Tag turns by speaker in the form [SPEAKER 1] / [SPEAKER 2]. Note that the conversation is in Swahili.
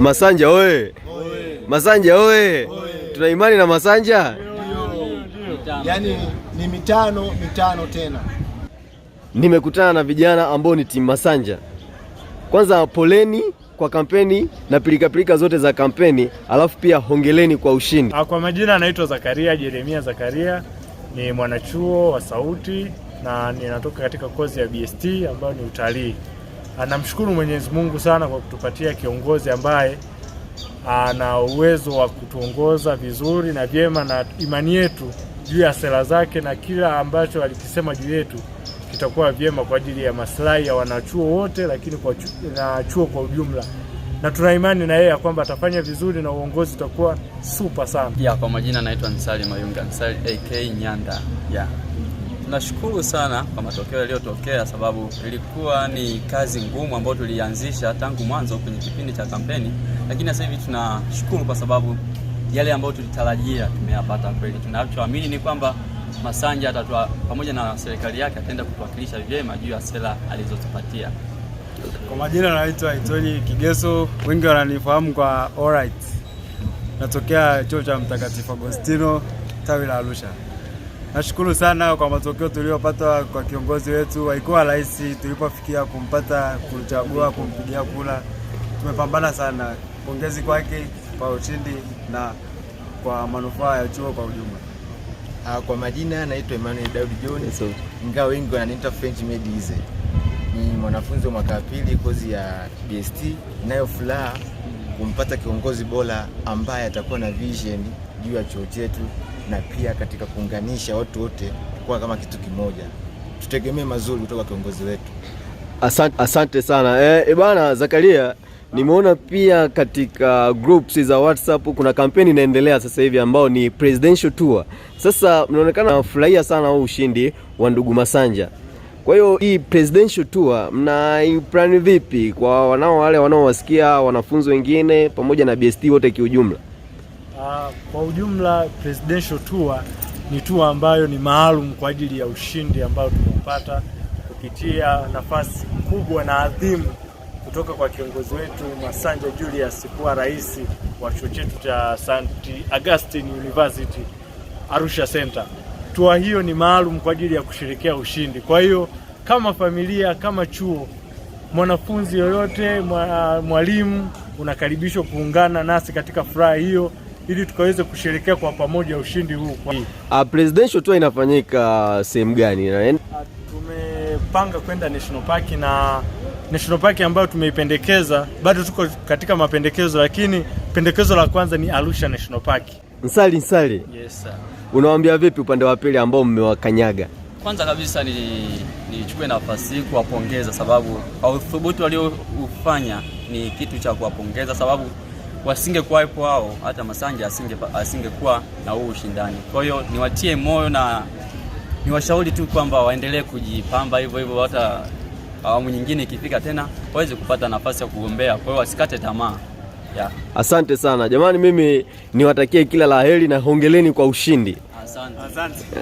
[SPEAKER 1] Masanja oye! Masanja oye! Tuna imani na Masanja.
[SPEAKER 2] Yaani ni mitano mitano tena.
[SPEAKER 1] Nimekutana na vijana ambao ni timu Masanja. Kwanza poleni kwa kampeni na pilikapilika zote za kampeni, alafu pia hongeleni kwa ushindi.
[SPEAKER 3] Ah, kwa majina anaitwa Zakaria Jeremia Zakaria, ni mwanachuo wa Sauti na ninatoka katika kozi ya BST ambayo ni utalii. Ah, namshukuru Mwenyezi Mungu sana kwa kutupatia kiongozi ambaye ana uwezo wa kutuongoza vizuri na vyema, na imani yetu juu ya sera zake na kila ambacho alikisema juu yetu kitakuwa vyema kwa ajili ya maslahi ya wanachuo wote, lakini kwa chuo, na chuo kwa ujumla, na tuna imani na yeye ya kwamba atafanya vizuri na uongozi utakuwa super sana.
[SPEAKER 4] Yeah, kwa majina naitwa Nsali Mayunga, Nsali AK Nyanda yeah. Tunashukuru sana kwa matokeo yaliyotokea, sababu ilikuwa ni kazi ngumu ambayo tulianzisha tangu mwanzo kwenye kipindi cha kampeni, lakini sasa hivi tunashukuru kwa sababu yale ambayo tulitarajia tumeyapata kweli. Tunachoamini ni kwamba Masanja atatua pamoja na serikali yake ataenda kutuwakilisha vyema juu ya sera alizotupatia.
[SPEAKER 5] Kwa majina naitwa Itoni Kigeso, wengi wananifahamu kwa Alright. Natokea chuo cha Mtakatifu Agostino tawi la Arusha. Nashukuru sana kwa matokeo tuliyopata kwa kiongozi wetu. Haikuwa rahisi tulipofikia kumpata, kumchagua, kumpigia kula. Tumepambana sana, pongezi kwake kwa ushindi na kwa manufaa ya chuo kwa ujumla.
[SPEAKER 6] Ah, kwa majina naitwa Emmanuel Daudi John, ingawa wengi wananiita French Made Easy. Ni mwanafunzi wa mwaka pili kozi ya BST. Nayo furaha kumpata kiongozi bora ambaye atakuwa na vision juu ya chuo chetu na pia katika kuunganisha watu wote kuwa kama kitu kimoja. Tutegemee mazuri kutoka kiongozi wetu.
[SPEAKER 1] Asante, asante sana eh, eh bwana Zakaria. Nimeona pia katika groups za WhatsApp kuna kampeni inaendelea sasa hivi ambao ni presidential tour. Sasa mnaonekana mnafurahia sana huu ushindi wa ndugu Masanja. Kwa hiyo hii presidential tour mna plan vipi kwa wanao wale wanaowasikia wanafunzi wengine pamoja na BST wote kiujumla?
[SPEAKER 3] Uh, kwa ujumla presidential tour ni tour ambayo ni maalum kwa ajili ya ushindi ambao tumeupata kupitia nafasi kubwa na adhimu kutoka kwa kiongozi wetu Masanja Julius kuwa rais wa chuo chetu cha St. Augustine University Arusha Center. Tour hiyo ni maalum kwa ajili ya kusherekea ushindi. Kwa hiyo kama familia, kama chuo, mwanafunzi yoyote, mwalimu unakaribishwa kuungana nasi katika furaha hiyo ili tukaweze kusherekea kwa pamoja ushindi huu. A
[SPEAKER 1] ah, presidential tour inafanyika sehemu gani? Ah,
[SPEAKER 3] tumepanga kwenda National Park na National Park ambayo tumeipendekeza, bado tuko katika mapendekezo, lakini pendekezo la kwanza ni Arusha National Park.
[SPEAKER 1] Nsali Nsali, yes sir. Unawaambia vipi upande wa pili ambao mmewakanyaga?
[SPEAKER 7] Kwanza kabisa nichukue nafasi hii kuwapongeza, sababu au uthubutu walioufanya ni kitu cha kuwapongeza, sababu wasingekuwepo wao, hata Masanja asingekuwa asinge na huu ushindani. Kwa hiyo niwatie moyo na niwashauri tu kwamba waendelee kujipamba hivyo hivyo, hata awamu nyingine ikifika tena waweze kupata nafasi ya kugombea. Kwa hiyo wasikate tamaa.
[SPEAKER 1] Yeah. Asante sana jamani, mimi niwatakie kila la heri na hongeleni kwa ushindi.
[SPEAKER 7] Asante. Asante.